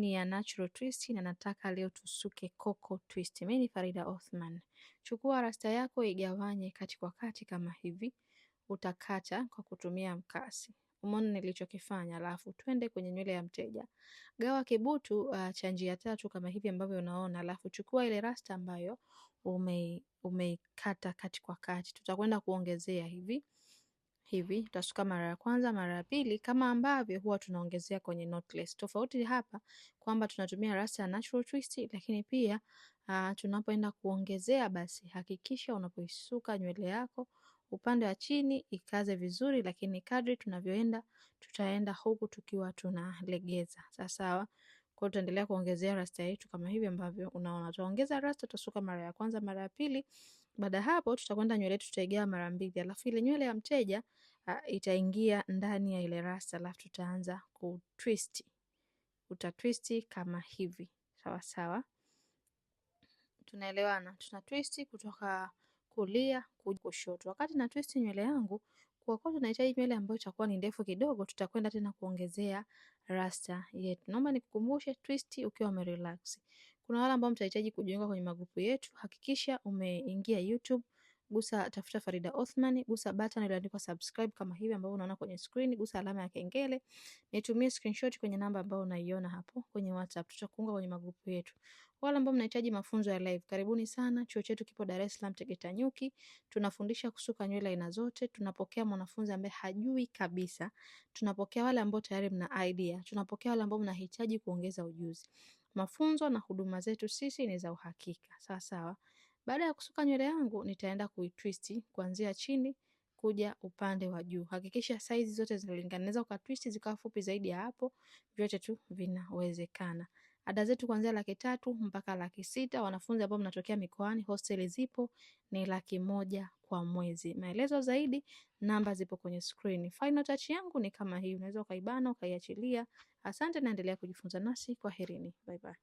ni ya natural twist na nataka leo tusuke coco twist. Mimi ni Farida Othman. Chukua rasta yako igawanye kati kwa kati kama hivi, utakata kwa kutumia mkasi. Umeona nilichokifanya? Alafu twende kwenye nywele ya mteja, gawa kibutu uh, cha njia tatu kama hivi ambavyo unaona, alafu chukua ile rasta ambayo umeikata ume kati kwa kati, tutakwenda kuongezea hivi hivi. Tutasuka mara ya kwanza, mara ya pili kama ambavyo huwa tunaongezea kwenye knotless. Tofauti hapa kwamba tunatumia rasta ya natural twist, lakini pia uh, tunapoenda kuongezea basi hakikisha unapoisuka nywele yako upande wa chini ikaze vizuri, lakini kadri tunavyoenda tutaenda huku tukiwa tunalegeza sawasawa. Kwa hiyo tutaendelea kuongezea rasta yetu kama hivi ambavyo unaona. Tutaongeza rasta, tutasuka mara ya kwanza, mara ya pili. Baada ya hapo tutakwenda nywele yetu tutaigea mara mbili, alafu ile nywele ya mteja uh, itaingia ndani ya ile rasta, alafu tutaanza Uta twist kama hivi. Sawa sawa. Tunaelewana? Tuna twist kutoka kulia kushoto. Wakati na twist nywele yangu kwa kuwa tunahitaji nywele ambayo itakuwa ni ndefu kidogo, tutakwenda tena kuongezea rasta yetu. Naomba nikukumbushe twist ukiwa umerelax. Kuna wale ambao mtahitaji kujiunga kwenye magrupu yetu, hakikisha umeingia YouTube gusa tafuta Farida Othman, gusa button iliyoandikwa subscribe kama hivi ambavyo unaona kwenye screen, gusa alama ya kengele, nitumie screenshot kwenye namba ambayo unaiona hapo kwenye WhatsApp. Tutakuunga kwenye magrupu yetu. Wale ambao mnahitaji mafunzo ya live, karibuni sana. Chuo chetu kipo Dar es Salaam Tegeta Nyuki. Tunafundisha kusuka nywele aina zote. Tunapokea mwanafunzi ambaye hajui kabisa, tunapokea wale ambao tayari mna idea, tunapokea wale ambao mnahitaji kuongeza ujuzi. Mafunzo na huduma zetu sisi ni za uhakika, sawa sawa. Baada ya kusuka nywele yangu, nitaenda kuitwist kuanzia chini kuja upande wa juu. Hakikisha size zote zinalinganaweza ukatwist zikawa fupi zaidi ya hapo, vyote tu vinawezekana. Ada zetu kuanzia laki tatu mpaka laki sita. Wanafunzi ambao mnatokea mikoani, hosteli zipo, ni laki moja kwa mwezi. Maelezo zaidi, namba zipo kwenye screen. Final touch yangu ni kama hii, unaweza ukaibana ukaiachilia. Asante, naendelea kujifunza nasi, kwaherini, bye bye.